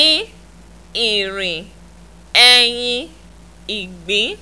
in ìrìn ẹ̀yìn ìgbín